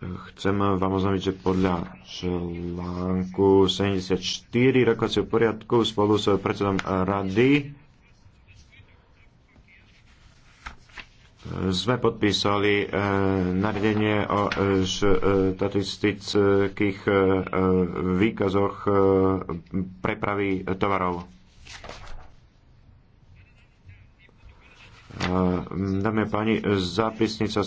Chcem vám oznámiť, že podľa článku 74 rokovacieho poriadku spolu s predsedom rady sme podpísali e, nariadenie o e, štatistických e, výkazoch e, prepravy tovarov. Dámy a páni, zápisnica z